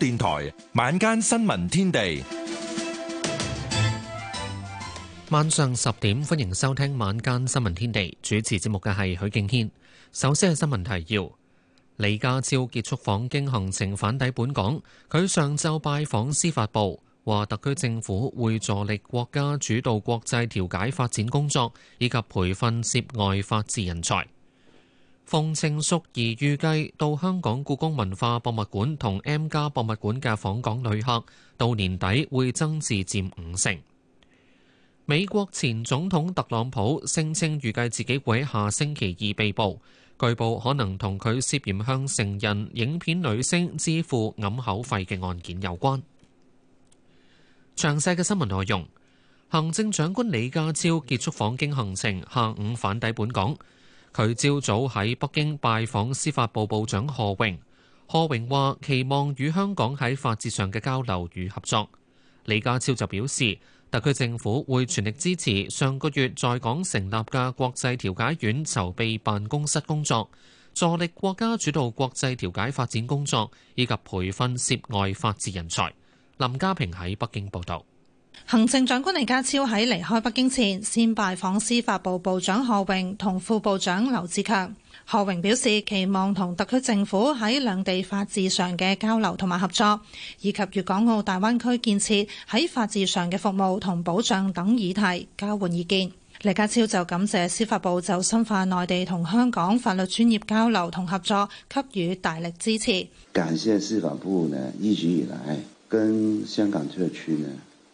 電台晚間新聞天地，晚上十點歡迎收聽晚間新聞天地。主持節目嘅係許敬軒。首先係新聞提要：李家超結束訪京行程返抵本港，佢上晝拜訪司法部，話特區政府會助力國家主導國際調解發展工作，以及培訓涉外法治人才。馮程淑儀預計到香港故宮文化博物館同 M+ 博物館嘅訪港旅客，到年底會增至佔五成。美國前總統特朗普聲稱預計自己會喺下星期二被捕，據報可能同佢涉嫌向成人影片女星支付揞口費嘅案件有關。詳細嘅新聞內容，行政長官李家超結束訪京行程，下午返抵本港。佢朝早喺北京拜訪司法部部長賀榮，賀榮話期望與香港喺法治上嘅交流與合作。李家超就表示，特區政府會全力支持上個月在港成立嘅國際調解院籌備辦公室工作，助力國家主導國際調解發展工作，以及培訓涉外法治人才。林家平喺北京報道。行政長官李家超喺離開北京前，先拜訪司法部部長何榮同副部長劉志強。何榮表示期望同特區政府喺兩地法治上嘅交流同埋合作，以及粵港澳大灣區建設喺法治上嘅服務同保障等議題交換意見。李家超就感謝司法部就深化內地同香港法律專業交流同合作給予大力支持。感謝司法部呢，一直以來跟香港特區呢。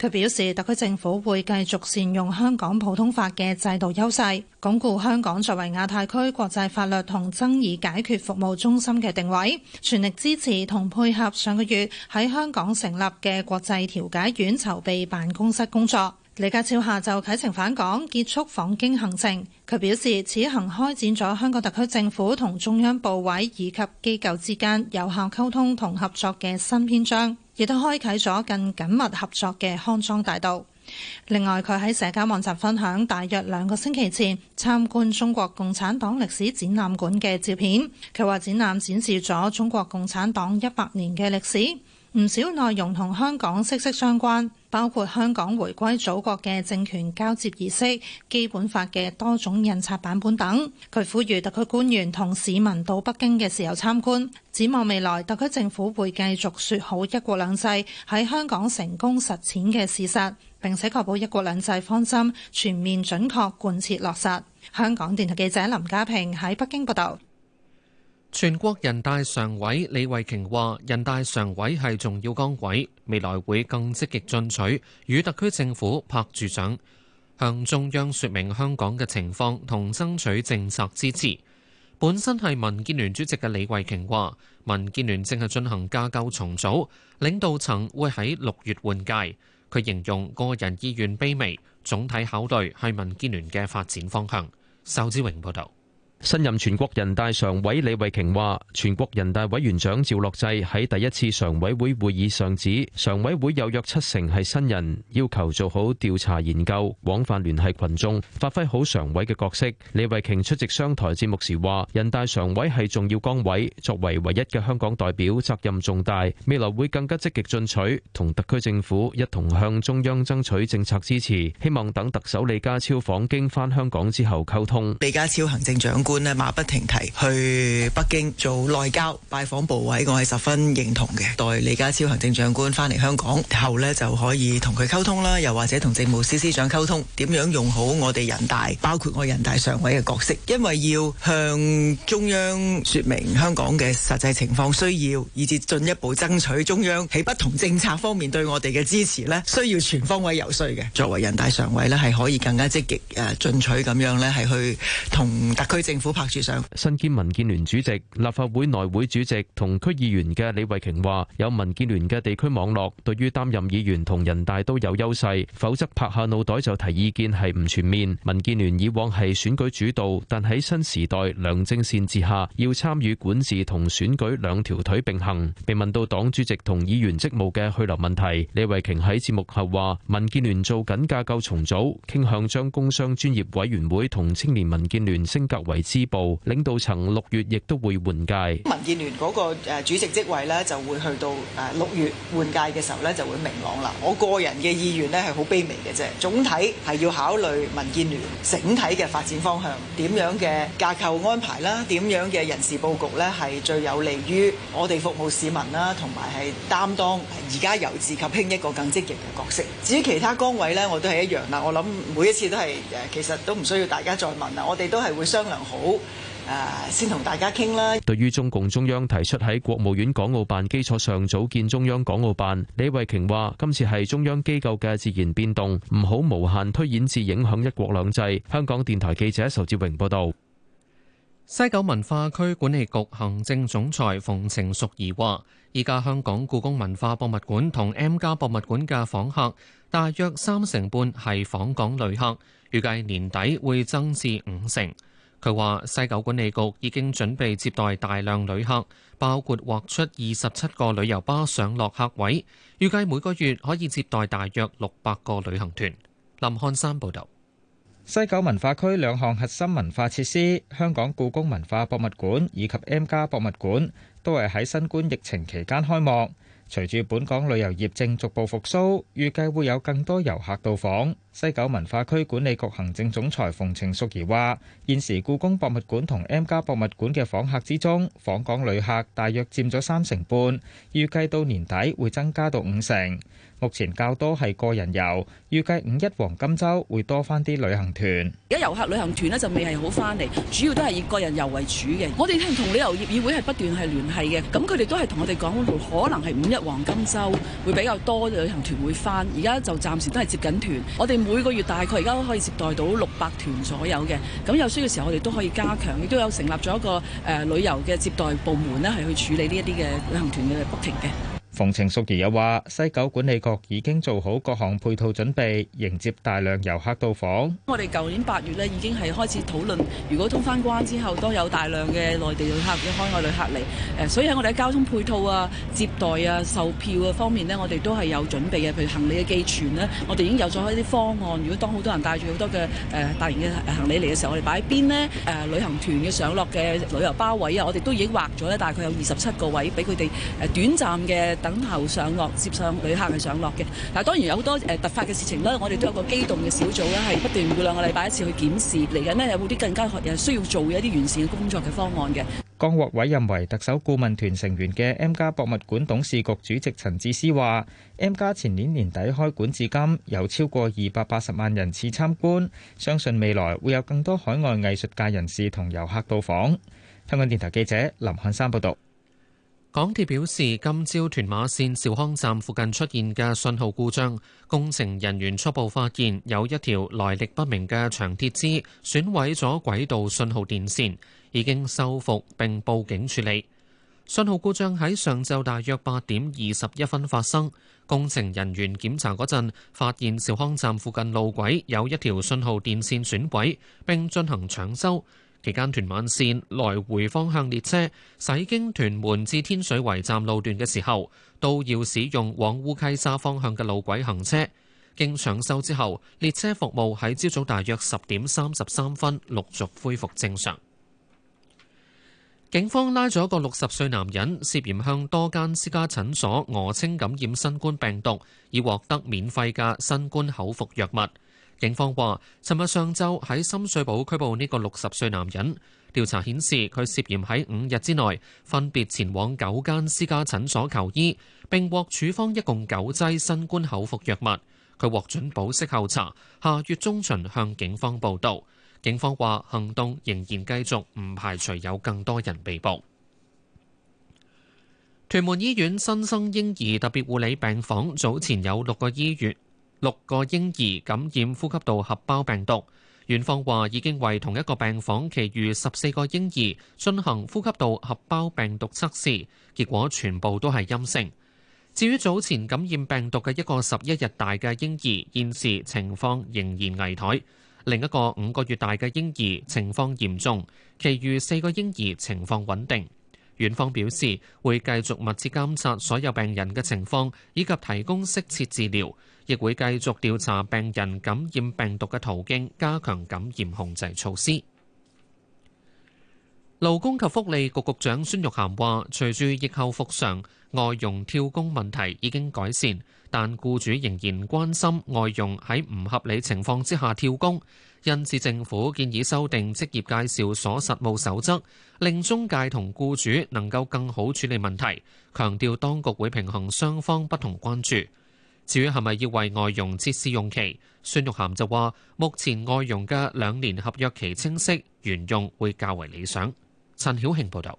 佢表示，特區政府會繼續善用香港普通法嘅制度優勢，鞏固香港作為亞太區國際法律同爭議解決服務中心嘅定位，全力支持同配合上個月喺香港成立嘅國際調解院籌備辦公室工作。李家超下晝啟程返港，結束訪京行程。佢表示，此行開展咗香港特區政府同中央部委以及機構之間有效溝通同合作嘅新篇章。亦都開啟咗更緊密合作嘅康莊大道。另外，佢喺社交網站分享，大約兩個星期前參觀中國共產黨歷史展覽館嘅照片。佢話展覽展示咗中國共產黨一百年嘅歷史。唔少內容同香港息息相關，包括香港回歸祖國嘅政權交接儀式、基本法嘅多種印刷版本等。佢呼籲特區官員同市民到北京嘅時候參觀，展望未來，特區政府會繼續説好一國兩制喺香港成功實踐嘅事實，並且確保一國兩制方針全面準確貫徹落實。香港電台記者林家平喺北京報道。全國人大常委李慧瓊話，人大常委係重要崗位，未來會更積極進取，與特區政府拍住掌，向中央説明香港嘅情況同爭取政策支持。本身係民建聯主席嘅李慧瓊話，民建聯正係進行架構重組，領導層會喺六月換屆。佢形容個人意願卑微，總體考慮係民建聯嘅發展方向。邵志榮報導。新任全國人大常委李慧瓊話，全國人大委員長趙樂際喺第一次常委會會議上指，常委會有約七成係新人，要求做好調查研究，廣泛聯繫羣眾，發揮好常委嘅角色。李慧瓊出席商台節目時話，人大常委係重要崗位，作為唯一嘅香港代表，責任重大，未來會更加積極進取，同特區政府一同向中央爭取政策支持，希望等特首李家超訪京返香港之後溝通。李家超行政長官，官馬不停蹄去北京做內交拜訪部委，我係十分認同嘅。待李家超行政長官翻嚟香港後咧，就可以同佢溝通啦，又或者同政務司司長溝通，點樣用好我哋人大，包括我人大常委嘅角色，因為要向中央說明香港嘅實際情況需要，以至進一步爭取中央喺不同政策方面對我哋嘅支持咧，需要全方位遊說嘅。作為人大常委咧，係可以更加積極誒進取咁樣咧，係去同特區政府府拍住上，新兼民建聯主席、立法會內會主席同區議員嘅李慧瓊話：有民建聯嘅地區網絡，對於擔任議員同人大都有優勢，否則拍下腦袋就提意見係唔全面。民建聯以往係選舉主導，但喺新時代良政善治之下，要參與管治同選舉兩條腿並行。被問到黨主席同議員職務嘅去留問題，李慧瓊喺節目後話：民建聯做緊架構重組，傾向將工商專業委員會同青年民建聯升格為。支部領導層六月亦都會換屆，民建聯嗰個誒主席職位咧就會去到誒六月換屆嘅時候咧就會明朗啦。我個人嘅意願咧係好卑微嘅啫，總體係要考慮民建聯整體嘅發展方向，點樣嘅架構安排啦，點樣嘅人事佈局咧係最有利於我哋服務市民啦，同埋係擔當而家由治及興一個更積極嘅角色。至於其他崗位咧，我都係一樣啦。我諗每一次都係誒，其實都唔需要大家再問啦，我哋都係會商量。好誒，先同大家傾啦。對於中共中央提出喺國務院港澳辦基礎上組建中央港澳辦，李慧瓊話：今次係中央機構嘅自然變動，唔好無限推演至影響一國兩制。香港電台記者仇志榮報導。西九文化區管理局行政總裁馮程淑儀話：依家香港故宮文化博物館同 M+ 博物館嘅訪客大約三成半係訪港旅客，預計年底會增至五成。佢話：西九管理局已經準備接待大量旅客，包括劃出二十七個旅遊巴上落客位，預計每個月可以接待大約六百個旅行團。林漢山報導。西九文化區兩項核心文化設施——香港故宮文化博物館以及 M+ 博物館，都係喺新冠疫情期間開幕。隨住本港旅遊業正逐步復甦，預計會有更多遊客到訪。西九文化區管理局行政總裁馮程淑儀話：現時故宮博物館同 M+ 博物館嘅訪客之中，訪港旅客大約佔咗三成半，預計到年底會增加到五成。目前較多係個人遊，預計五一黃金週會多翻啲旅行團。而家遊客旅行團呢，就未係好翻嚟，主要都係以個人遊為主嘅。我哋聽同旅遊業議會係不斷係聯繫嘅，咁佢哋都係同我哋講可能係五一黃金週會比較多旅行團會翻。而家就暫時都係接緊團，我哋每個月大概而家都可以接待到六百團左右嘅。咁有需要嘅時候，我哋都可以加強，亦都有成立咗一個誒旅遊嘅接待部門呢係去處理呢一啲嘅旅行團嘅 booking 嘅。馮程淑儀又話：西九管理局已經做好各項配套準備，迎接大量遊客到訪。我哋舊年八月呢已經係開始討論，如果通翻關之後，都有大量嘅內地旅客、嘅海外旅客嚟。誒，所以喺我哋喺交通配套啊、接待啊、售票啊方面呢，我哋都係有準備嘅。譬如行李嘅寄存呢，我哋已經有咗一啲方案。如果當好多人帶住好多嘅誒、呃、大型嘅行李嚟嘅時候，我哋擺邊呢誒、呃，旅行團嘅上落嘅旅遊巴位啊，我哋都已經劃咗呢，大概有二十七個位俾佢哋誒短暫嘅。等候上落接上旅客嘅上落嘅，嗱當然有好多誒突發嘅事情啦，我哋都有個機動嘅小組啦，係不斷每兩個禮拜一次去檢視，嚟緊咧有冇啲更加誒需要做一啲完善嘅工作嘅方案嘅。江獲委任為特首顧問團成員嘅 M 家博物館董事局主席陳智思話，M 家前年年底開館至今，有超過二百八十萬人次參觀，相信未來會有更多海外藝術界人士同遊客到訪。香港電台記者林漢山報道。港鐵表示，今朝屯馬綫兆康站附近出現嘅信號故障，工程人員初步發現有一條來歷不明嘅長鐵枝損毀咗軌道信號電線，已經修復並報警處理。信號故障喺上晝大約八點二十一分發生，工程人員檢查嗰陣，發現兆康站附近路軌有一條信號電線損毀，並進行搶修。期間，其間屯門線來回方向列車駛經屯門至天水圍站路段嘅時候，都要使用往烏溪沙方向嘅路軌行車。經搶修之後，列車服務喺朝早上大約十點三十三分陸續恢復正常。警方拉咗一個六十歲男人，涉嫌向多間私家診所訛稱感染新冠病毒，以獲得免費嘅新冠口服藥物。警方話，尋日上晝喺深水埗拘捕呢個六十歲男人。調查顯示，佢涉嫌喺五日之內分別前往九間私家診所求醫，並獲處方一共九劑新冠口服藥物。佢獲准保釋候查，下月中旬向警方報道。警方話，行動仍然繼續，唔排除有更多人被捕。屯門醫院新生嬰兒特別護理病房早前有六個醫院。六個嬰兒感染呼吸道合胞病毒，院方話已經為同一個病房其餘十四個嬰兒進行呼吸道合胞病毒測試，結果全部都係陰性。至於早前感染病毒嘅一個十一日大嘅嬰兒，現時情況仍然危殆；另一個五個月大嘅嬰兒情況嚴重，其餘四個嬰兒情況穩定。院方表示，會繼續密切監察所有病人嘅情況，以及提供適切治療，亦會繼續調查病人感染病毒嘅途徑，加強感染控制措施。勞工及福利局局長孫玉菡話，隨住疫後復常，外傭跳工問題已經改善，但僱主仍然關心外傭喺唔合理情況之下跳工。因此，政府建議修訂職業介紹所實務守則，令中介同僱主能夠更好處理問題。強調當局會平衡雙方不同關注。至於係咪要為外傭設試用期，孫玉涵就話：目前外傭嘅兩年合約期清晰，原用會較為理想。陳曉慶報導。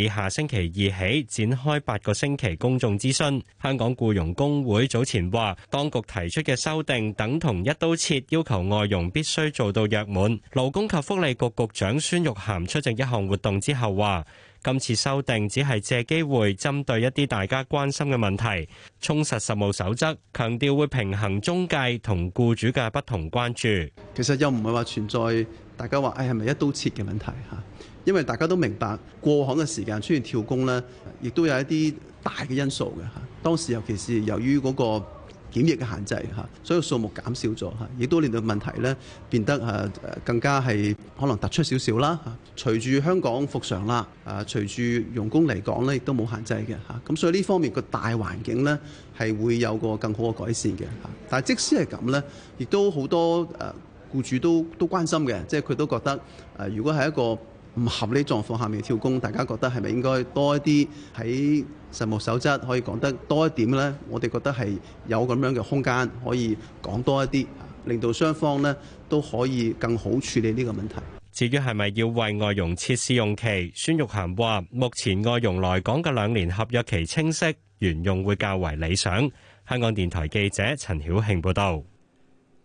以下星期二起展開八個星期公眾諮詢。香港僱傭工會早前話，當局提出嘅修訂等同一刀切，要求外傭必須做到約滿。勞工及福利局局長孫玉菡出席一項活動之後話，今次修訂只係借機會針對一啲大家關心嘅問題，充實實務守則，強調會平衡中介同雇主嘅不同關注。其實又唔係話存在大家話，誒，係咪一刀切嘅問題吓。因為大家都明白過行嘅時間出現跳工呢，亦都有一啲大嘅因素嘅吓。當時尤其是由於嗰個檢疫嘅限制吓，所以數目減少咗吓，亦都令到問題呢變得誒更加係可能突出少少啦。隨住香港復常啦，啊，隨住用工嚟講呢，亦都冇限制嘅吓。咁所以呢方面個大環境呢，係會有個更好嘅改善嘅吓。但係即使係咁呢，亦都好多誒僱主都都關心嘅，即係佢都覺得誒，如果係一個，唔合理狀況下面跳工，大家覺得係咪應該多一啲喺實務守則可以講得多一點呢？我哋覺得係有咁樣嘅空間可以講多一啲，令到雙方呢都可以更好處理呢個問題。至於係咪要為外傭設試用期？孫玉菡話：目前外傭來港嘅兩年合約期清晰，沿用會較為理想。香港電台記者陳曉慶報導。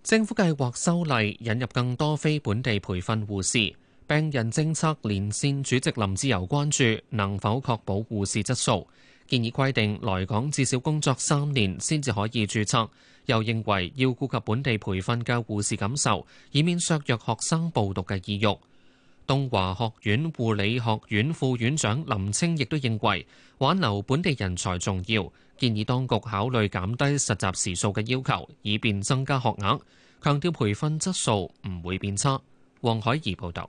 政府計劃修例引入更多非本地培訓護士。病人政策連線主席林志由關注能否確保護士質素，建議規定來港至少工作三年先至可以註冊，又認為要顧及本地培訓嘅護士感受，以免削弱學生報讀嘅意欲。東華學院護理學院副院長林清亦都認為挽留本地人才重要，建議當局考慮減低實習時數嘅要求，以便增加學額，強調培訓質素唔會變差。黃海怡報道。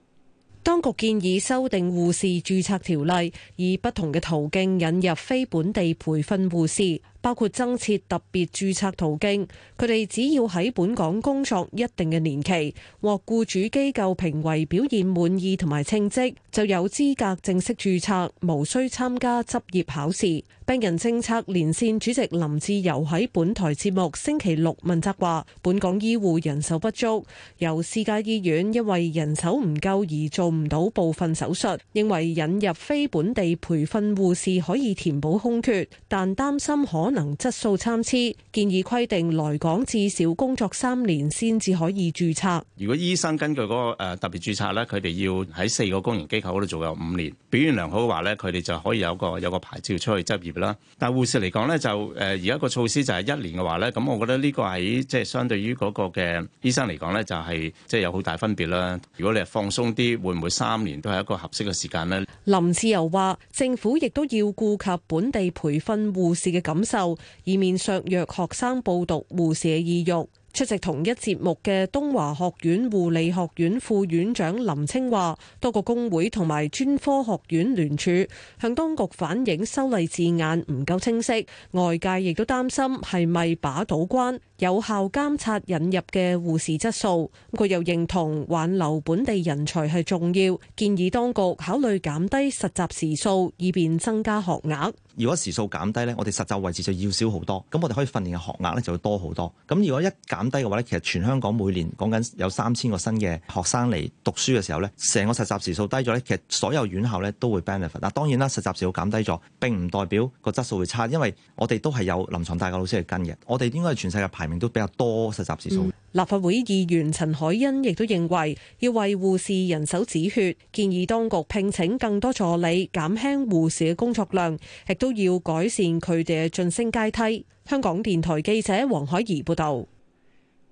當局建議修訂護士註冊條例，以不同嘅途徑引入非本地培訓護士。包括增設特別註冊途徑，佢哋只要喺本港工作一定嘅年期，獲僱主機構評為表現滿意同埋稱職，就有資格正式註冊，無需參加執業考試。病人政策連線主席林志由喺本台節目星期六問責話：本港醫護人手不足，由私家醫院因為人手唔夠而做唔到部分手術，認為引入非本地培訓護士可以填補空缺，但擔心可能能質素參差，建議規定來港至少工作三年先至可以註冊。如果醫生根據嗰個特別註冊咧，佢哋要喺四個公營機構度做有五年表現良好嘅話咧，佢哋就可以有個有個牌照出去執業啦。但係護士嚟講咧，就誒而家個措施就係一年嘅話咧，咁我覺得呢個喺即係相對於嗰個嘅醫生嚟講咧，就係即係有好大分別啦。如果你係放鬆啲，會唔會三年都係一個合適嘅時間呢？林志柔話：政府亦都要顧及本地培訓護士嘅感受。以免削弱學生報讀護寫意欲。出席同一節目嘅東華學院護理學院副院長林清華，多個工會同埋專科學院聯署向當局反映修例字眼唔夠清晰，外界亦都擔心係咪把到關，有效監察引入嘅護士質素。佢又認同挽留本地人才係重要，建議當局考慮減低實習時數，以便增加學額。如果時數減低呢，我哋實習位置就要少好多，咁我哋可以訓練嘅學額就會多好多。咁如果一減，低嘅話咧，其實全香港每年講緊有三千個新嘅學生嚟讀書嘅時候咧，成個實習時數低咗咧，其實所有院校咧都會 benefit 嗱，當然啦，實習時數減低咗，並唔代表個質素會差，因為我哋都係有臨床大嘅老師去跟嘅。我哋應該係全世界排名都比較多實習時數。嗯、立法會議員陳海恩亦都認為要為護士人手止血，建議當局聘請更多助理，減輕護士嘅工作量，亦都要改善佢哋嘅晉升階梯。香港電台記者黃海怡報道。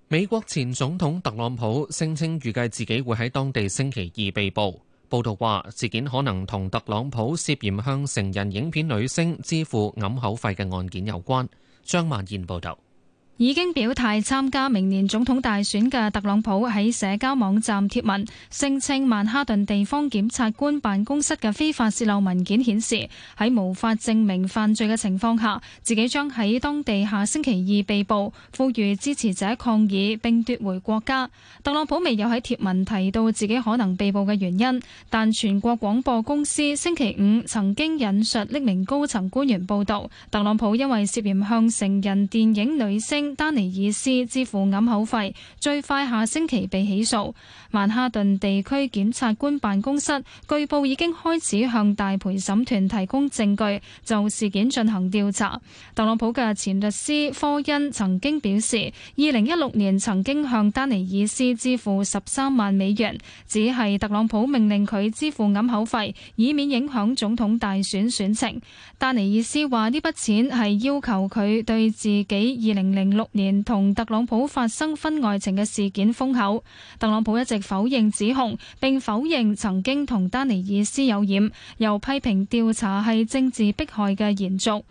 美國前總統特朗普聲稱預計自己會喺當地星期二被捕。報道話，事件可能同特朗普涉嫌向成人影片女星支付揞口費嘅案件有關。張曼燕報道。已經表態參加明年總統大選嘅特朗普喺社交網站貼文，聲稱曼哈頓地方檢察官辦公室嘅非法洩漏文件顯示，喺無法證明犯罪嘅情況下，自己將喺當地下星期二被捕，呼籲支持者抗議並奪回國家。特朗普未有喺貼文提到自己可能被捕嘅原因，但全國廣播公司星期五曾經引述匿名高層官員報導，特朗普因為涉嫌向成人電影女星丹尼爾斯支付掩口費，最快下星期被起訴。曼哈頓地區檢察官辦公室據報已經開始向大陪審團提供證據，就事件進行調查。特朗普嘅前律師科恩曾經表示，二零一六年曾經向丹尼爾斯支付十三萬美元，只係特朗普命令佢支付掩口費，以免影響總統大選選情。丹尼爾斯話呢筆錢係要求佢對自己二零零。六年同特朗普發生婚外情嘅事件封口，特朗普一直否認指控，並否認曾經同丹尼爾斯有染，又批評調查係政治迫害嘅延續。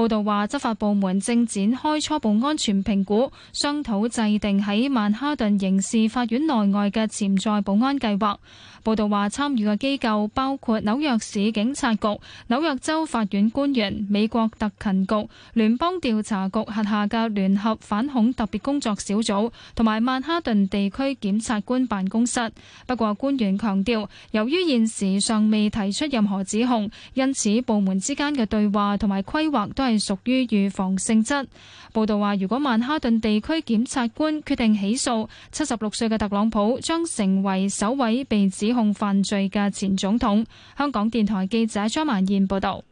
報道話，執法部門正展開初步安全評估，商討制定喺曼哈頓刑事法院內外嘅潛在保安計劃。報道話，參與嘅機構包括紐約市警察局、紐約州法院官員、美國特勤局、聯邦調查局轄下嘅聯合反恐特別工作小組，同埋曼哈頓地區檢察官辦公室。不過，官員強調，由於現時尚未提出任何指控，因此部門之間嘅對話同埋規劃都係。係屬於預防性質。報道話，如果曼哈頓地區檢察官決定起訴七十六歲嘅特朗普，將成為首位被指控犯罪嘅前總統。香港電台記者張曼燕報道。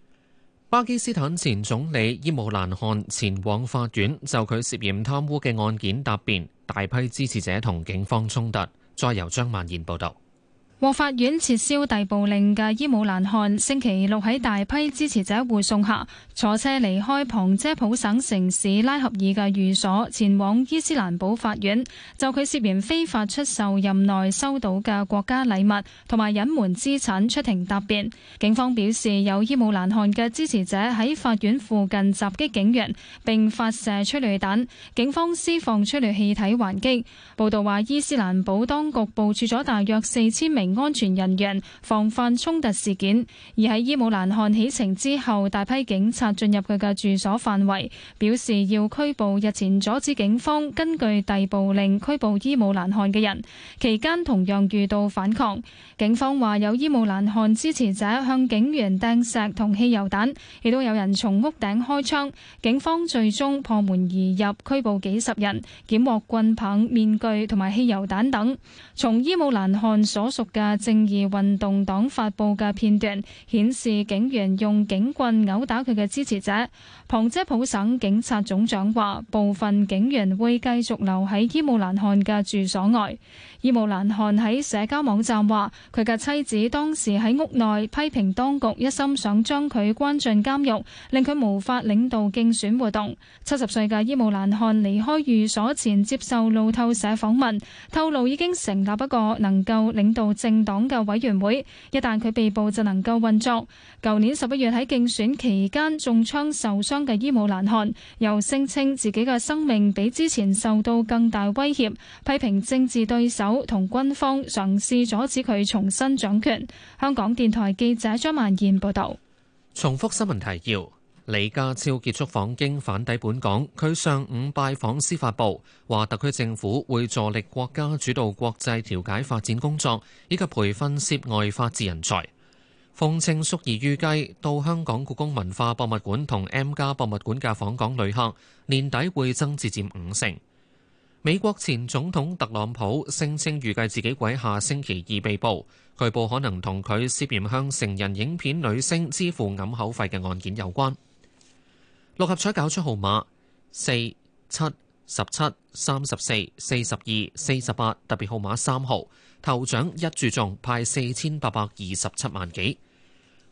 巴基斯坦前總理伊姆蘭汗前往法院就佢涉嫌貪污嘅案件答辯，大批支持者同警方衝突。再由張曼燕報道。獲法院撤銷逮捕令嘅伊姆蘭汗，星期六喺大批支持者護送下，坐車離開旁遮普省城市拉合爾嘅寓所，前往伊斯蘭堡法院，就佢涉嫌非法出售任內收到嘅國家禮物同埋隱瞞資產出庭答辯。警方表示，有伊姆蘭汗嘅支持者喺法院附近襲擊警員，並發射催淚彈，警方施放催淚氣體還擊。報道話，伊斯蘭堡當局部署咗大約四千名。安全人員防範衝突事件，而喺伊姆蘭汗起程之後，大批警察進入佢嘅住所範圍，表示要拘捕日前阻止警方根據逮捕令拘捕伊姆蘭汗嘅人。期間同樣遇到反抗，警方話有伊姆蘭汗支持者向警員掟石同汽油彈，亦都有人從屋頂開槍。警方最終破門而入，拘捕幾十人，檢獲棍棒、面具同埋汽油彈等。從伊姆蘭汗所屬嘅嘅正義運動黨發布嘅片段顯示警員用警棍毆打佢嘅支持者。旁遮普省警察總長話：部分警員會繼續留喺伊姆蘭汗嘅住所外。伊姆蘭汗喺社交網站話：佢嘅妻子當時喺屋內批評當局一心想將佢關進監獄，令佢無法領導競選活動。七十歲嘅伊姆蘭汗離開寓所前接受路透社訪問，透露已經成立一個能夠領導政黨嘅委員會，一旦佢被捕就能夠運作。舊年十一月喺競選期間中槍受傷嘅伊姆蘭汗，又聲稱自己嘅生命比之前受到更大威脅，批評政治對手同軍方嘗試阻止佢重新掌權。香港電台記者張曼燕報道。重複新聞提要。李家超結束訪京返抵本港，佢上午拜訪司法部，話特區政府會助力國家主導國際調解發展工作，以及培訓涉外法治人才。馮程淑儀預計到香港故宮文化博物館同 M+ 博物館嘅訪港旅客年底會增至佔五成。美國前總統特朗普聲稱預計自己會下星期二被捕，據報可能同佢涉嫌向成人影片女星支付掩口費嘅案件有關。六合彩攪出號碼四七十七三十四四十二四十八，4, 7, 17, 34, 42, 48, 特別號碼三號，頭獎一注中派四千八百二十七萬幾。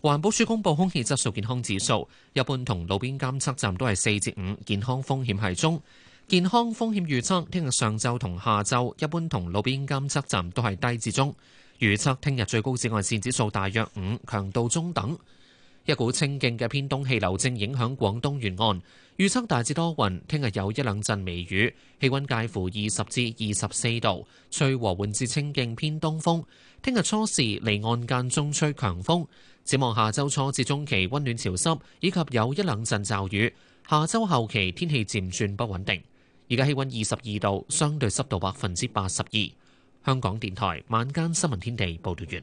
環保署公布空氣質素健康指數，一般同路邊監測站都係四至五，5, 健康風險係中。健康風險預測，聽日上晝同下晝一般同路邊監測站都係低至中。預測聽日最高紫外線指數大約五，強度中等。一股清勁嘅偏東氣流正影響廣東沿岸，預測大致多雲，聽日有一兩陣微雨，氣溫介乎二十至二十四度，吹和緩至清勁偏東風，聽日初時離岸間中吹強風，展望下周初至中期溫暖潮濕，以及有一兩陣驟雨。下周後期天氣漸轉不穩定。而家氣溫二十二度，相對濕度百分之八十二。香港電台晚間新聞天地報道完。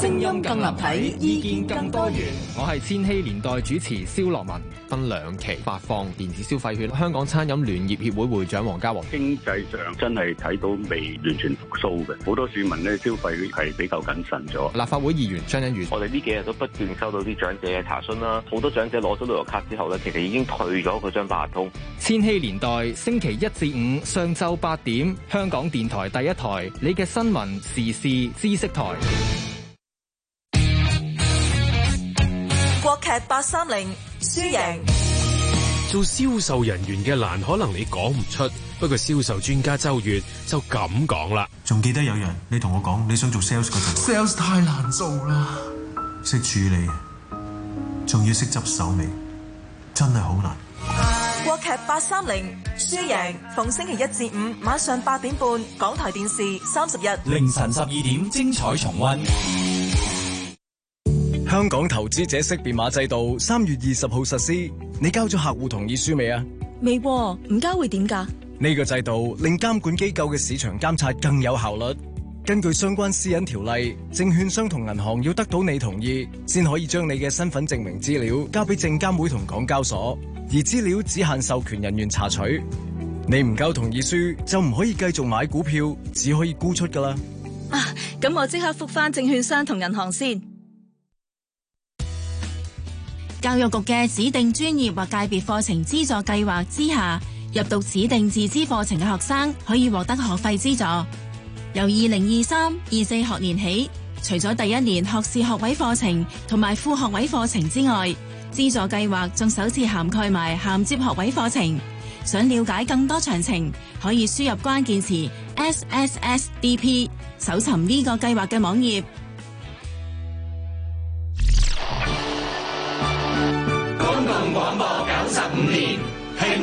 聲音更立體，意見更多元。我係千禧年代主持蕭樂文，分兩期發放電子消費券。香港餐飲聯業協會會長黃家和經濟上真係睇到未完全復甦嘅，好多市民呢，消費係比較謹慎咗。立法會議員張欣宇我哋呢幾日都不斷收到啲長者嘅查詢啦，好多長者攞咗旅遊卡之後呢，其實已經退咗嗰張八達通。千禧年代星期一至五上晝八點，香港電台第一台，你嘅新聞時事知識台。八三零輸贏，做銷售人員嘅難可能你講唔出，不過銷售專家周月就咁講啦。仲記得有人你同我講你想做 sales 嗰陣，sales 太難做啦，識處理，仲要識執手尾，真係好難。國劇八三零輸贏，逢星期一至五晚上八點半，港台電視三十日凌晨十二點，精彩重溫。香港投資者識別碼制度三月二十號實施，你交咗客戶同意書未啊？未，唔交會點噶？呢個制度令監管機構嘅市場監察更有效率。根據相關私隱條例，證券商同銀行要得到你同意，先可以將你嘅身份證明資料交俾證監會同港交所，而資料只限授權人員查取。你唔交同意書，就唔可以繼續買股票，只可以沽出噶啦。啊，咁我即刻復返證券商同銀行先。教育局嘅指定專業或界別課程資助計劃之下，入讀指定自資課程嘅學生可以獲得學費資助。由二零二三二四學年起，除咗第一年學士學位課程同埋副學位課程之外，資助計劃仲首次涵蓋埋銜接學位課程。想了解更多詳情，可以輸入關鍵詞 S S S D P，搜尋呢個計劃嘅網頁。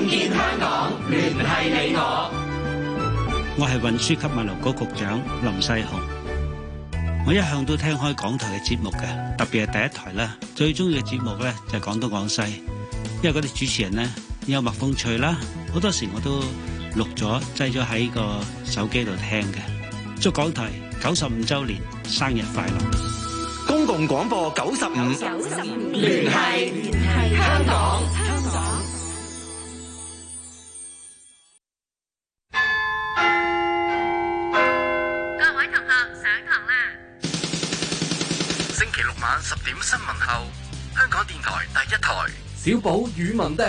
共建香港，聯繫你我。我係運輸及物流局局長林世雄。我一向都聽開港台嘅節目嘅，特別係第一台啦，最中意嘅節目咧就係講東講西，因為嗰啲主持人咧有麥鳳翠啦，好多時我都錄咗、擠咗喺個手機度聽嘅。祝港台九十五週年生日快樂！公共廣播九十五，聯繫聯繫香港。十點新聞後，香港電台第一台，小寶與文迪。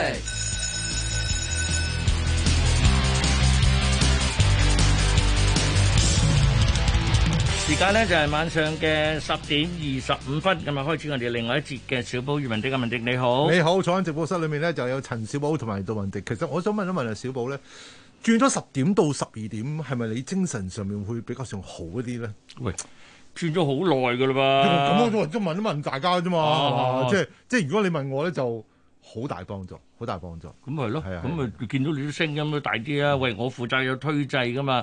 時間呢，就係、是、晚上嘅十點二十五分，咁啊開始我哋另外一節嘅小寶與文迪》。阿文迪你好，你好，坐喺直播室裏面呢，就有陳小寶同埋杜文迪。其實我想問一問啊，小寶呢，轉咗十點到十二點，係咪你精神上面會比較上好一啲呢？喂？算咗好耐噶啦嘛，咁我都問一問大家啫嘛、啊，即係即係如果你問我咧，就好大幫助，好大幫助，咁咪咯，係啊，咁咪、啊啊、見到你啲聲音都大啲啊，啊喂，我負責有推掣噶嘛。